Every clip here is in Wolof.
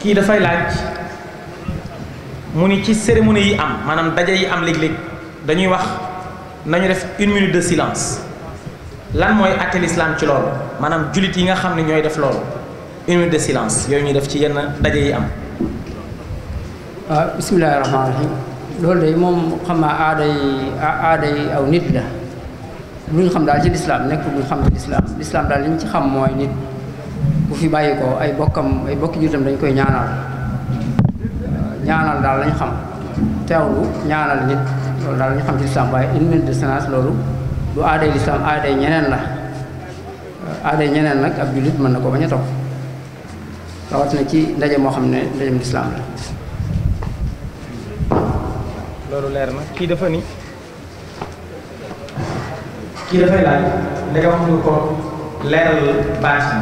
kii dafay laaj mu ni ci cérémonie yi am maanaam daje yi am léeg-léeg dañuy wax nañu def une minute de silence lan mooy àtte lislaam ci loolu maanaam jullit yi nga xam ne ñooy def loolu une minute de silence yooyu ñuy def ci yenn daje yi am. waaw ah, bismillaahi rahmaani rahiim loolu de moom xam naa aada yi aw nit la lu ñu xam daal ci lislaam nekk lu ñu xam ci lislaam lislaam daal li ñu ci xam mooy nit. bu fi bàyyi ko ay bokkam ay bokki jullitam dañ koy ñaanal euh, ñaanal daal lañ xam teewlu ñaanal nit loolu daal lañ xam ci lislaam waaye une minute de loolu lu aaday lislaam aaday ñeneen la euh, aaday ñeneen nag ab jullit mën na ko bañ a rawat na ci ndaje moo xam ne ndajem lislaam la loolu leer na kii dafa ni kii dafay laaj ndegam ñu ko leeral baat yi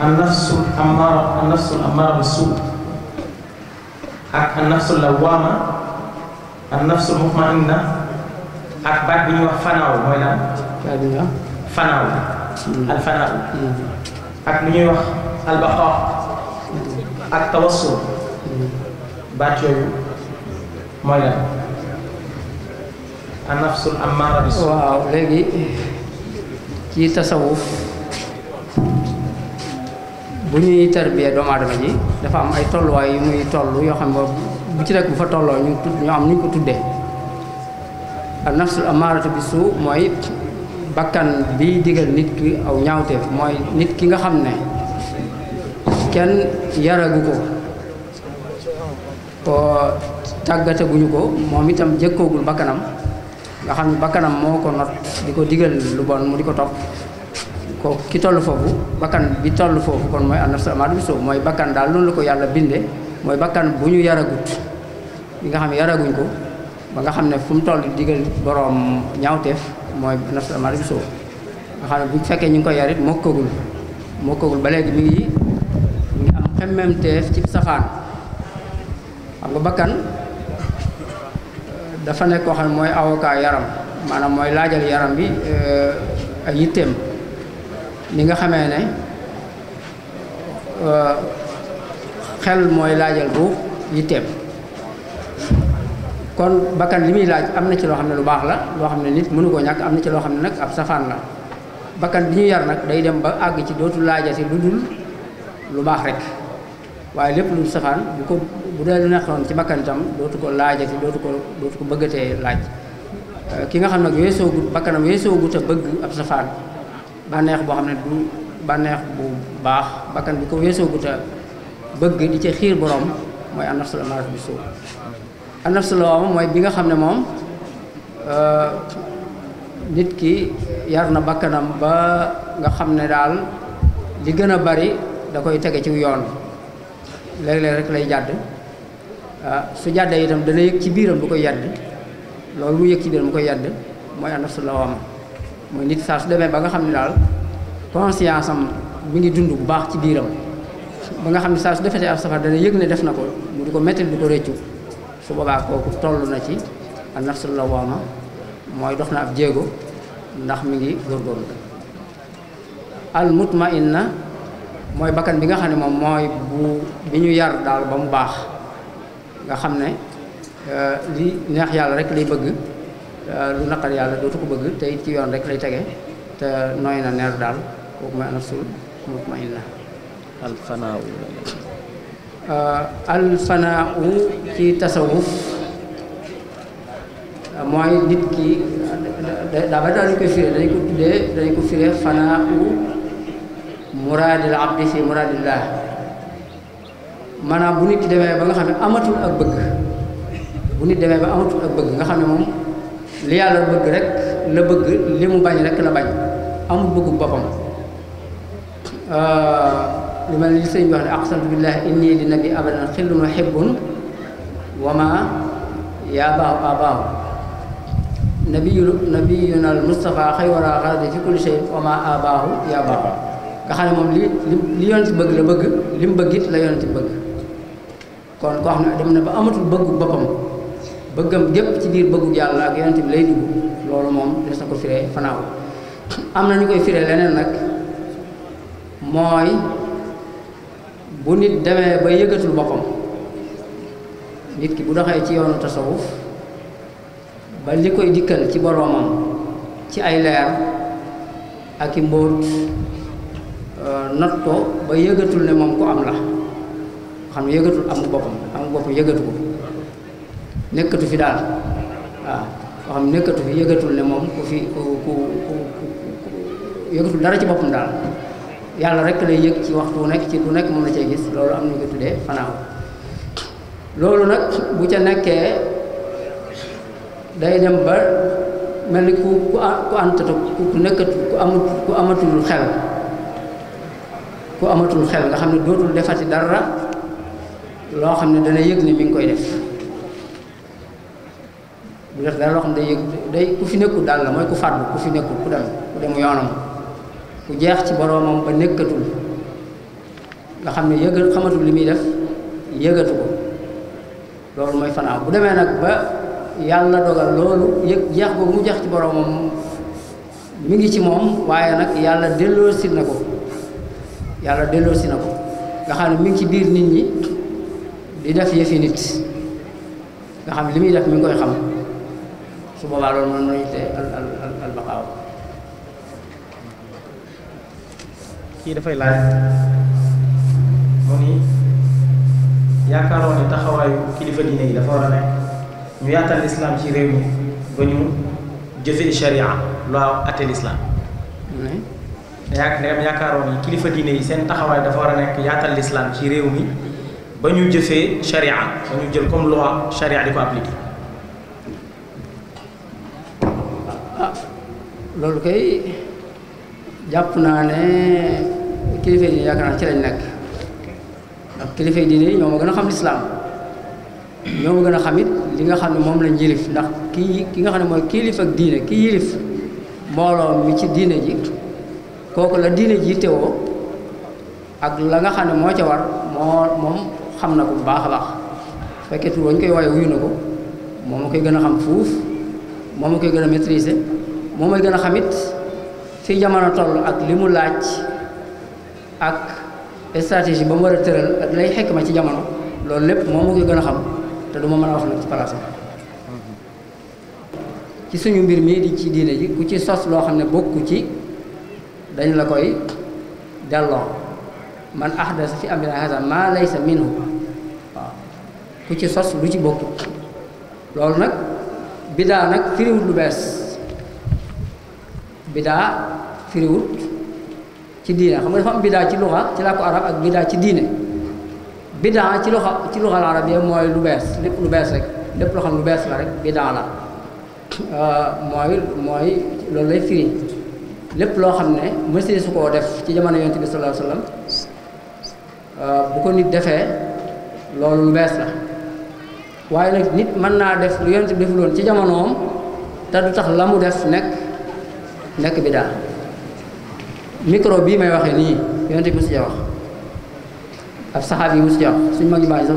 annafsul ammaara annafsul ammaara bi suu ak annafsul lawaama annafsul mutmainna ak baat bi ñuy wax fanaaw mooy lan. fanaaw. al fanaaw. ak lu ñuy wax albaqaa ak tawassul baat yooyu mooy lan annafsul ammaara bi suu. waaw léegi ci tasawuf bu ñuy tarbiya doomu aadama ji dafa am ay tolluwaay yu muy toll yoo xam ne bu ci nekk bu fa tolloo ñu tudd ñu am ñu ko tuddee ak nafsul amaaratu bi suu mooy bakkan bi digal nit ki aw ñaawteef mooy nit ki nga xam ne kenn yaragu ko ko tàggataguñu ko moom itam jëkkoogul bakkanam nga xam ne bakkanam moo ko not di ko digal lu bon mu di ko topp ko ki tollu foofu bakkan bi tollu foofu kon mooy an-nafsul ammaara bis-suu mooy bakkan daal loolu ko yàlla binde mooy bakkan bu ñu yaragut bi nga xam ne yaraguñ ko ba nga xam ne fu mu toll digal boroom ñaawteef mooy an-nafsul ammaara bis-suu fekkee ñu ngi koy yarit mokkagul mokkagul ba léegi mi ngi mi am xemmemteef ci safaan xam nga bakkan dafa nekk koo xam ne mooy awokaa yaram maanaam mooy laajal yaram bi euh, ay yitteem ni nga xamee ne euh, xel mooy laajal bu yitteem kon bakkan li muy laaj am na ci loo xam ne lu baax la loo xam ne nit mënu koo ñàkk am na ci loo xam ne nag ab safaan la bakkan bi ñu yar nag day dem ba àgg ci dootul laajati lu dul lu baax rek waaye lépp lu safaan bu ko bu dee nekkoon ci bakkantam itam dootu ko laajati dootu ko dootu ko bëggatee laaj euh, ki nga xam nag weesoo gut bakkanam weesoo gut a bëgg ab safaan bànneex boo xam ne du bànneex bu baax bakkan bi ko weesoo gu bëgg di ca xiir boroom mooy annafsul amaara bi suu annafsul amaara mooy bi nga xam ne moom euh, nit ki yar na bakkanam ba nga xam ne daal di gën a bari da koy tege ci yoon léeg-léeg lay jàdd euh, su jàddee itam dana yëg ci biiram du koy yàdd loolu mu yëg ci biiram mu koy yàdd mooy annafsul amaara mooy nit saa su demee ba nga xam ne daal conscience am mi ngi dund bu baax ci biiram ba nga xam ne saa su defetee ab safar dana yëg ne def na ko mu di ko mettit di ko rëccu su boobaa kooku toll na ci an nafsul lawwaama mooy dox na ab jéego ndax mi ngi góorgóorlu al na mooy bakkan bi nga xam ne moom mooy bu bi ñu yar daal ba mu baax nga xam ne euh, li neex yàlla rek lay bëgg Euh, lu naqar yàlla dootu ko bëgg tey it ci yoon rek lay tege te nooy na neer daal kooku mooy nafsul mutmainna alfanaaw euh, alfanaaw ci tasawuf mooy nit ki daa ba dañu koy firé dañu ko tuddee dañu ko firé fanaa u muraadil abdi fi muraadillah maanaam bu nit ki demee ba nga xam ne amatul ak bëgg bu nit demee ba amatul ak bëgg nga xam ne moom li yàlla bëgg rek la bëgg li mu bañ rek la bañ amul bëggu boppam euh, lu mel ni sëñ bi wax ne aqsantu billahi inni li nabi abadan xillun wa xibbun wa ma yaa baaw a baaw nabiyul nabiyunal Mustafa xëy wara xarade fi kulli shay wa ma a nga xam ne moom li li bëgg la bëgg li mu bëgg it la yonent bëgg kon koo xam ne dem na ba amatul bëggu boppam bëggam gépp ci biir bëggu yàlla ak yonent bi lay dugg loolu moom des na ko firee fanaaw am na ñu koy firee leneen nag mooy bu nit demee ba yëgatul boppam nit ki bu doxee ci yoonu tasawuf ba li koy dikkal ci boroomam ci ay leer ak i mbóot euh, not ko ba yëgatul ne moom ku am la xam ne yëgatul amul boppam amul boppam yëgatu ko nekkatu fi daal waaw koo xam nekkatu fi yëgatul ne moom ku fi ku ku ku yëgatul dara ci boppam daal yàlla rek lay yëg ci waxtu nekk ci bu nekk moom la cay gis loolu am na ñu ko tuddee fanaaw loolu nag bu ca nekkee day dem ba mel ni ku ku ku antatu ku nekkatu amatul xel nga xam ne dootul defati dara loo xam ne dana yëg ne mi ngi koy def bu def dara loo xam ne day day ku fi nekkul daal la mooy ku fàddu ku fi nekkul ku dem ku dem yoonam ku jeex ci boroomam ba nekkatul nga xam ne yëg xamatul li muy def yëgatu mooy fanaaw demee nag ba yàlla dogal loolu yëg jeex mu jeex ci boroomam mu ngi ci moom waaye nag yàlla delloosi na ko yàlla si na ko nga xam ne mi ngi ci biir nit ñi di def yëfi nit nga xam li muy def mi ngi koy xam su boobaa loolu moom lañu te al al al al kii dafay laaj mu ni yaakaaroon ni taxawaayu kilifa diine yi dafa war a ne ñu yaatal lislaam ci réew mi ba ñu jëfe sharia loi atte lislaam kilifa diine yi seen taxawaay dafa war a nekk ci réew mi ba ñu jëfee sharia ba ñu jël comme loi sharia di ko appliquer loolu kay jàpp naa ne kilifa yi yaakaar naa ci lañ nekk ndax kilifa yi diine ñoo ma gën a xam lislaam ñoo ma gën a xam li nga xam ne moom lañ yilif ndax ki ki nga xam ne mooy kilif ak diine ki yilif mbooloo mi ci diine ji kooku la diine ji teewoo ak la nga xam ne moo ca war moo moom xam na ko bu baax a baax fekkee tur wañ koy waaye wuyu na ko moom a koy gën a xam fuuf moom a koy gën a maîtriser moo may gën a xamit fi jamono toll ak li mu laaj ak stratégie ba mu war a tëral ak lay xekk ma ci jamono loolu lépp moo ma koy gën a xam te du ma mën a wax nag ci place ci suñu mbir mii di ci diine ji ku ci sos loo xam ne bokku ci dañ la koy delloo man ahdas fi amrina haza maa laysa minhu waaw ku ci sos lu ci bokku loolu nag bidaa nag firiwut lu bees bidaa firiwut ci diine xam nga dafa am bidaa ci luxa ci làkku arab ak bidaa ci diine bidaa ci luxa ci luxal arab yi mooy lu bees lépp lu bees rek lépp loo lu bees la rek bidaa la euh, loolu lay lépp loo xam ne mësee su def ci jamono yonent bi sallallahu euh, ko nit defee loolu lu bees la waaye nag nit mën naa def lu yonent bi defuloon ci jamonoom te du tax la mu def nekk nekk biddaa micro bii may waxee nii yonent bi mosu ci wax ab saxaab yi mosu ci wax suñ mag ñu baax sax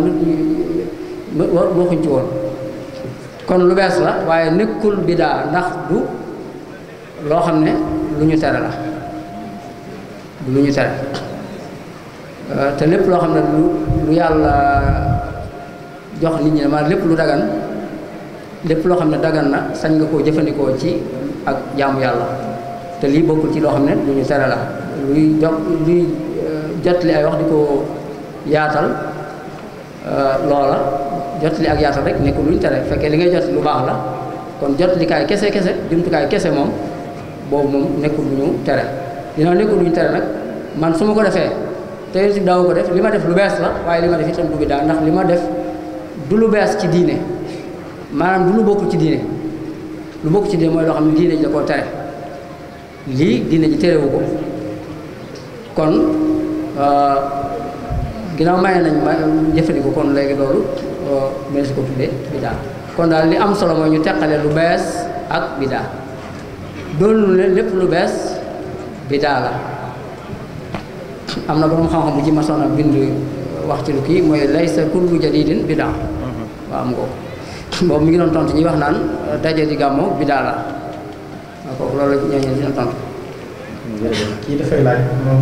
waxuñ ci woon kon lu bees la waaye nekkul biddaa ndax du loo xam ne lu ñu tere la du lu ñu tere euh, te lépp loo xam ne lu lu yàlla jox nit ñi maanaam lépp lu dagan lépp loo xam ne dagan na sañ nga koo jëfandikoo ci ak jaamu yàlla te lii bokkul ci loo xam ne lu ñu tere la luy jo luy euh, jotli ay wax di ko yaatal euh, loola jotli ak yaatal rek nekkul lu ñu tere fekkee li ngay jot lu baax la kon jotlikaay kese kese jumtukaay kese moom boobu moom nekkul lu ñu tere dina nekkul lu ñu tere nag man su ma ko defee te yonent bi daaw ko def li ma def lu bees la waaye li ma def itam du bi daal ndax li ma def du lu bees ci diine maanaam du lu bokkul ci diine lu bokkul ci diine mooy loo xam ne diine ji la koo tere lii diine ji téerewu ko kon euh, ginnaaw maye nañ ma jëfandiku kon léegi loolu euh, mënees ko tuddee bidaa kon daal li am solo ñu teqale lu bees ak bidaa doonul ne lépp lu bees bidaa la am na borom xam-xam bu ci masoon a bind wax ci lu kii mooy laysa kullu jadidin bidaa mhm. waaw am nga ko boobu mi ngi doon tontu ñuy wax naan daje di gàmmo bidaa la kooku loolu la ñooñu dina tontu. kii dafay laaj moom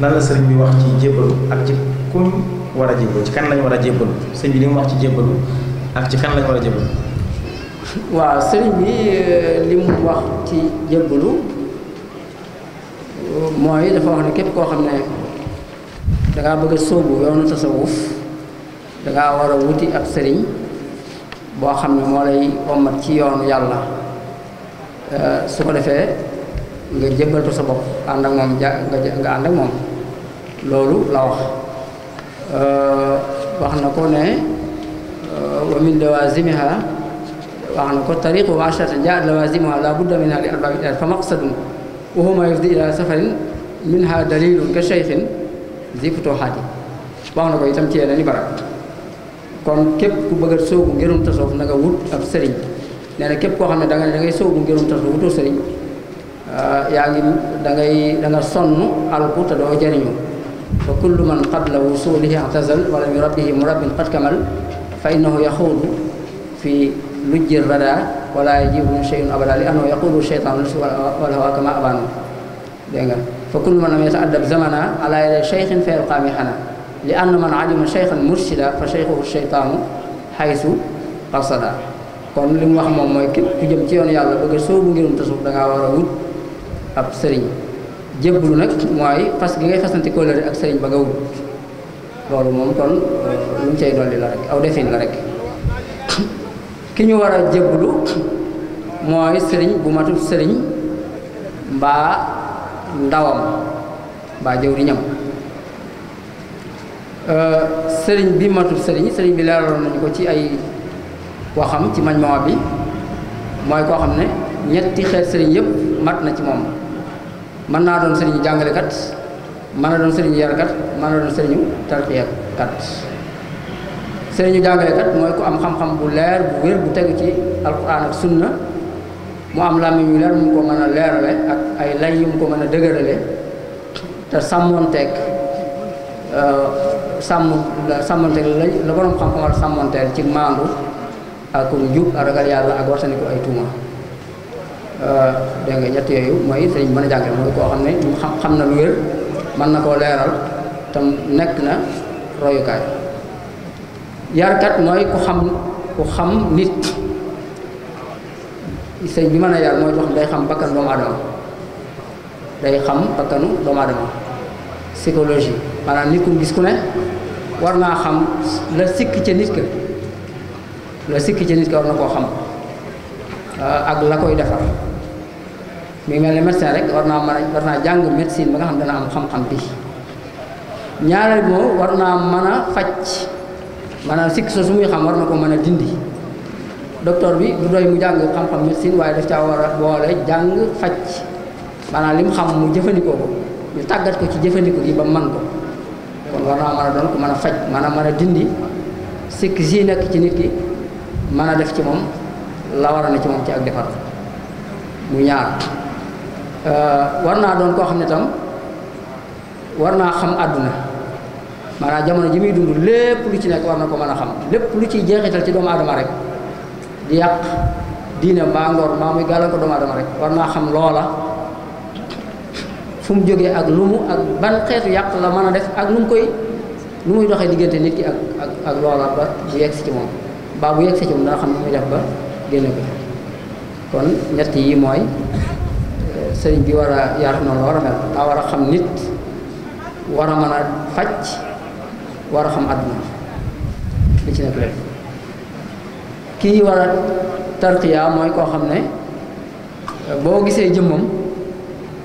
lan la sëriñ bi wax ci jébbalu ak ci kuñ war a jébbalu lañ war a jébbalu sëriñ bi li mu wax ci jébbalu ak ci kan lañ war a jébbalu. waaw sëriñ bi euh, li mu wax ci jébbalu mooy dafa wax ne képp koo xam ne dangaa bëgg a yoonu tasawuf dangaa war a wuti ab sëriñ boo xam ne moo lay omat ci yoon yàlla. Euh, su ko defee nga jébbaltu sa bopp ànd moom ja nga ànd ak moom loolu la wax euh, wax na ko ne euh, wa min lawazimiha wax na ko tariqu wa ashrata jaat lawazimiha la budda minha li arbaa min fa maqsadun wa huma yufdi ila safarin minha dalilun ka cheikhin zikutoo xaati wax na ko itam ci yeneen i barab kon képp ku bëgg a soogu ngërum tasawuf na nga wut ab sëriñ nee na képp koo xam ne da nga da ngay sóobu ngirum tas wutu sëriñ ah, yaa ngi da ngay da nga sonn alku te doo jariñu fa kullu man qad la wusulihi i'tazal wala bi rabbihi murabbin qad kamal fa innahu yaxuudu fi lujjir rada wala yajibu min shay'in abada li annahu yaqulu shaytan wala huwa kama abanu dégg nga fa kullu man lam yata'addab zamana ala yadi shaykhin fa yabqa mihana li anna man alima shaykhan murshida fa shaykhuhu shaytanu haythu qasada kon li mu wax moom mooy képp ku jëm ci yoon yàlla bëgg a sóobu ngirum tasawuf da ngaa war a wut ab sëriñ jébbalu nag mooy fas gi ngay fasante kóllëre ak sëriñ ba nga wut loolu moom kon lu mu cay dolli la rek aw defin la rek ki ñu war a jébbalu mooy sëriñ bu matul sëriñ mbaa ndawam mbaa jëwriñam euh, sëriñ bi matul sëriñ sëriñ bi leeraloon nañu ko ci ay koo xam ci majmuwa bi mooy koo xam ne ñetti xeet sëriñ yëpp mat na ci moom mën naa doon sëriñu jàngalekat mën na doon sëriñu yarkat mën na doon sëriñu tarbiyakat sëriñu jàngalekat mooy ku am xam-xam bu leer bu wér bu tegu ci alquran ak sunna mu am làmmiñ yu leer mu ko mën a leerale ak ay lay yu mu ko mën a dëgërale te sàmmonteeg euh, sàmm sàmmonteeg la la borom xam-xamal sàmmonteel ci maandu ak njub ak ragal yàlla ak wartaniku ay tuuma euh, dégg nga ñett yooyu mooy sëriñ bi mën a jàngale mooy koo xam ne ñu xam xam na lu wér mën na koo leeral tam nekk na royukaay yarkat mooy ku xam ku xam nit sëñ bi mën a yar mooy wax day xam bakkanu doomu aadama day xam bakkanu doomu aadama psychologie maanaam nit ku gis ku ne war naa xam la sikk ca nit ka la sikki ci nit ki war na koo xam ah, ak la koy defar mi ngi mel ni médecin rek war naa mën a war naa jàng médecine ba nga xam dana am xam-xam bi ñaareel moom war naa mën a faj maanaam sikki su muy xam war mën a dindi docteur bi du doy mu jàng xam-xam médecine waaye daf caa war a boole jàng xam mu jëfandikoo ko ñu tàggat ko ci jëfandikoo gi ba man mën a faj maanaam mën a dindi sikki sii nekk ci nit ki mën a def ci moom la war na ne ci moom ci ak defar mu ñaar euh, war naa doon koo xam ne tam war naa xam àdduna maanaam jamono ji muy dund lépp lu ci nekk war na ko mën a xam lépp lu ciy jeexital ci doomu aadama rek di yàq diine mbaa ngor mbaa muy gàllan ko doomu aadama rek war naa xam loola fu mu jógee ak lu mu ak ban xeetu yàq la mën a def ak nu koy lu muy doxee diggante nit ki ak ak ak loola ba di si ci moom baa bu yegg si ci dana xam ne muy def ba génne ko kon ñett yi mooy euh, sëriñ bi war a yar la war a mel daa war a xam nit war a mën a faj war a xam àdduna li ci nekk lépp kii war a tarqiya mooy koo xam ne boo gisee jëmmam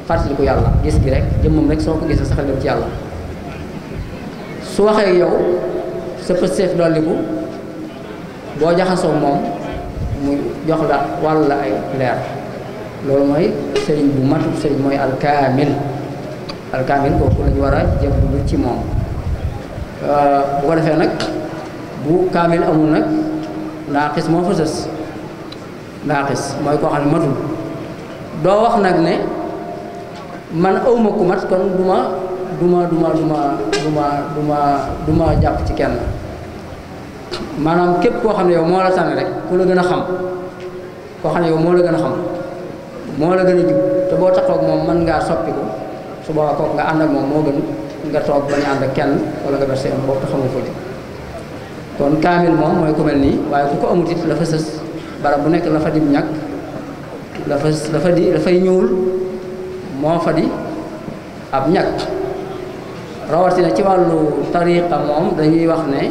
ko yàlla gis gi rek jëmmam rek soo ko gisee saxal dem ci yàlla su waxee yow sa pësteef dolliku boo jaxasoo moom mu jox la wàll ay leer loolu mooy sëriñ bu matub sëriñ mooy alkaamil alkaamil kooku lañu war a jëblu ci moom euh, bu ko defee nag bu kaamil amul nag naaqis moo fa sës naaqis mooy koo xam ne matul doo wax nag ne man awma ku mat kon du ma du ma du ma du ma du ma du ma du ma jàpp ci kenn maanaam képp koo xam ne yow moo la tànn rek ku la gën a xam koo xam ne yow moo la gën a xam moo la gën a jub te boo taxaw moom mën ngaa soppi ko su boobaa kooku nga ànd ak moom moo gën nga toog bañ a ànd ak kenn wala nga verser am bopp te xamoo kon kaamil moom mooy ku mel nii waaye ku ko amut it la fa sës barab bu nekk la fa dim ñàkk la fa la fa di dafay ñuul moo fa di ab ñàkk rawatina ci wàllu tariqa moom dañuy wax ne.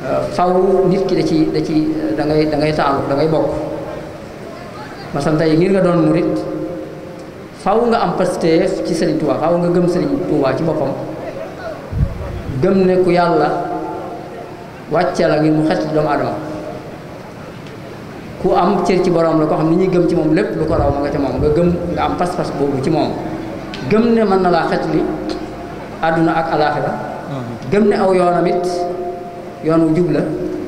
Euh, faw nit ki da ci da ci da euh, da ngay taalu da ngay bokk masam tey ngir nga doon murit faw nga am pasteef ci Sëriñ Tuubaa faw nga gëm Sëriñ Tuubaa ci boppam gëm ne ku yàlla wàcce la ngir mu xet ci doomu aadama ku am cër ci borom la koo xam ni ñuy gëm ci moom lépp lu ko raw ma nga ca moom nga gëm nga am pas-pas boobu ci moom gëm ne mën na laa xet li àdduna ak alaaxira ah. gëm ne aw yoonam it yoon wu jub la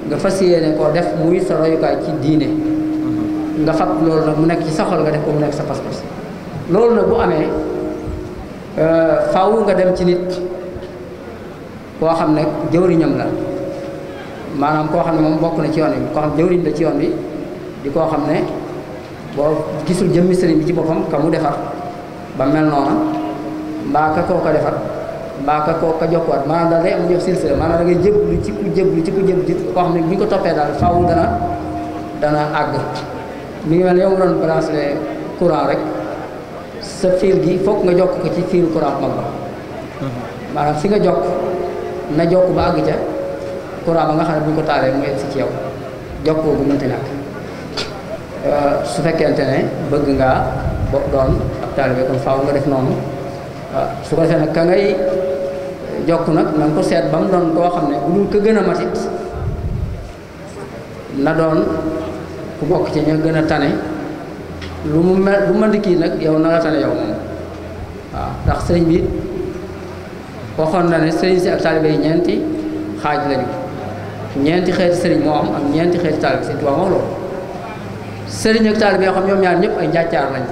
nga fas yéene koo def muy sa royukaay ci diine mhm. nga fab loolu nag mu nekk ci sa xol nga def ko mu nekk sa pas-pas loolu nag bu amee euh, faw nga dem ci nit koo xam ne jëwriñam la maanaam koo xam ne moom bokk na ci yoon bi koo xam jëwriñ la ci yoon bi di koo xam ne boo gisul jëmmi sëriñ bi ci boppam ka mu defar ba mel noona mbaa ka koo ko defar mbaa ka ko ka jokkoot maanaam daal day am ñuy wax silsila maanaam da ngay jéblu ci ku jéblu ci ku jéblu ci koo xam ne bu ñu ko toppee daal faaw dana dana àgg mi ngi mel ne yow nga doon branché courant rek sa fiil gi foog nga jokk ko ci fiil courant mag ba mhm. maanaam fi nga jokk na jokk ba àgg ca courant ba nga xam ne bu ñu ko taalee mu egsi ci yow jokkoo bu mënti ñàkk euh, su fekkente ne bëgg ngaa bo doon ab taalibe kon faaw nga def noonu waaw su ko defee ka ngay jokk nag na nga seet ba mu doon koo xam ne bu dul ko gën a matit na doon ku bokk ci ñu gën a tane lu mu mel lu mën di kii nag yow na nga tane yow moom waaw ndax sëñ bi waxoon na ne sëriñ si ak taalibe ñeenti xaaj lañu ñeenti xeeti sëriñ moo am ak ñeenti xeeti taalibe sëñ Tuubaa wax loolu sëriñ ak taalibe yoo xam ñoom ñaar ñëpp ay njàccaar lañ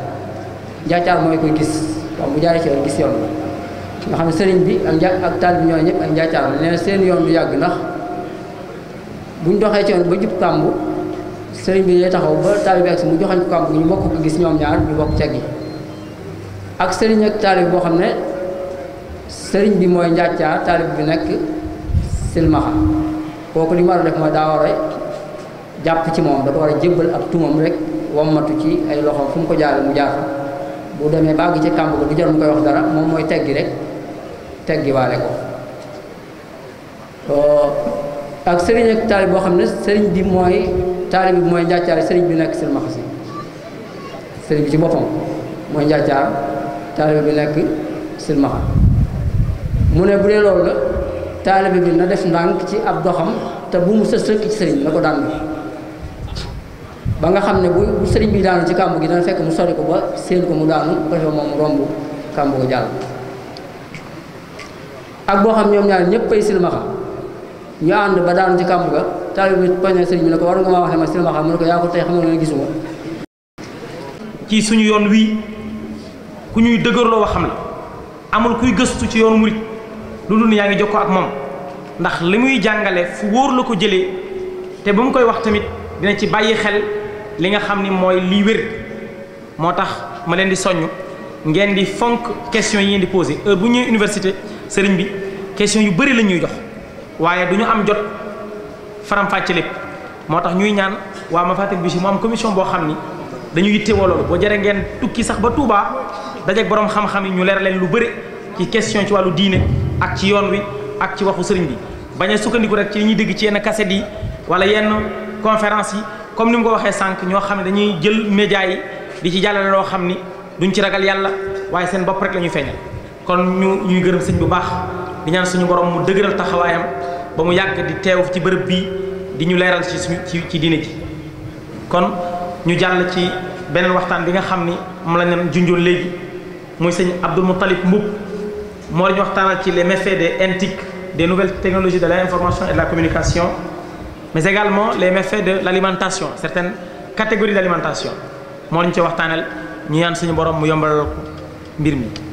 njàccaar mooy koy gis moom bu jaaree ci yoon gis yoon nga xam ne sëriñ bi ak njaa ñoo ñëpp ak njaacaar nee na seen yoon du yàgg ndax buñ doxee ci yoon ba jub kàmb sëriñ bi day taxaw ba taal bi ak si mu joxañ ko kàmb ñu bokk gis ñoom ñaar ñu bokk ceg yi sëriñ ak taalib xam ne sëriñ bi mooy njaacaar taalib bi nekk silmaxa kooku li mu war def mooy daa war a jàpp ci moom da ko war a jébbal ak tumam rek wammatu ci ay loxo fu mu ko jaaree mu jaar fa bu demee ba àgg ci kàmb ko du jar mu koy wax dara moom mooy teggi rek teggi waale ko euh, ak sëriñ ak taalib boo xam ne sëriñ bi mooy taalib bi mooy njàccaar sëriñ bi nekk silmaxa si sëriñ bi ci boppam mooy njàccaar taalib bi nekk silmaxa mu ne bu dee loolu la taalib bi na def ndànk ci ab doxam te bu mu sës rëkk ci sëriñ la ko daan bi ba nga xam ne bu bu sëriñ bi daanu ci kàmb gi dana fekk mu sori ko ba séen ko mu daanu bu ko defee moom mu romb kàmb ko jàll ak boo xam ñoom ñaar ñëpp ay silmaxa ñu ànd ba daanu ci kàmb ga taalibe bi poñe sëriñ bi ne ko war nga maa wax ne ma silmaxa mu ne ko yaa ko tey xam nga gisuma ci suñu yoon wii ku ñuy dëgërloo waxam la amul kuy gëstu ci yoonu murit lu dul yaa ngi jokkoo ak moom ndax li muy jàngale fu wóor la ko jële te ba mu koy wax tamit dina ci bàyyi xel li nga xam ni mooy li wér moo tax ma leen di soññ ngeen di fonk question yi ngeen di posé heure bu ñëwee université sëriñ bi question yu bëri la ñuy jox waaye du ñu am jot faram-fàcce lépp moo tax ñuy ñaan waa Mafaatih Bichri mu am commission boo xam ni dañuy yittewoo loolu boo jëree ngeen tukki sax ba Touba dajeeg boroom xam-xam yi ñu leer leen lu bëri ci question ci wàllu diine ak ci yoon wi ak ci waxu sëriñ bi bañ a sukkandiku rek ci li ñuy dégg ci yenn cassette yi wala yenn conférence yi. comme ni mu ko waxee sànq ñoo xam ne dañuy jël média yi di ci jàllale loo xam ni duñ ci ragal yàlla waaye seen bopp rek la ñuy feeñal kon ñu ñuy gërëm sëñ bu baax di suñu borom mu dëgëral taxawaayam ba mu yàgg di teew ci bërëb bii di ñu leeral ci suñu ci ci diine ji kon ñu jàll ci beneen waxtaan bi nga xam ni moom la ñu junjoon léegi muy sëñ Abdul Moutalib Mbuub moo la ñu waxtaanal ci le méfaits des intique de nouvelles technologies de l'information et de la communication mais également les méfaits de l'alimentation certaines catégories d'alimentation moo lañ ci waxtaanal ñu yaan suñu borom mu yombalal ko mbir mi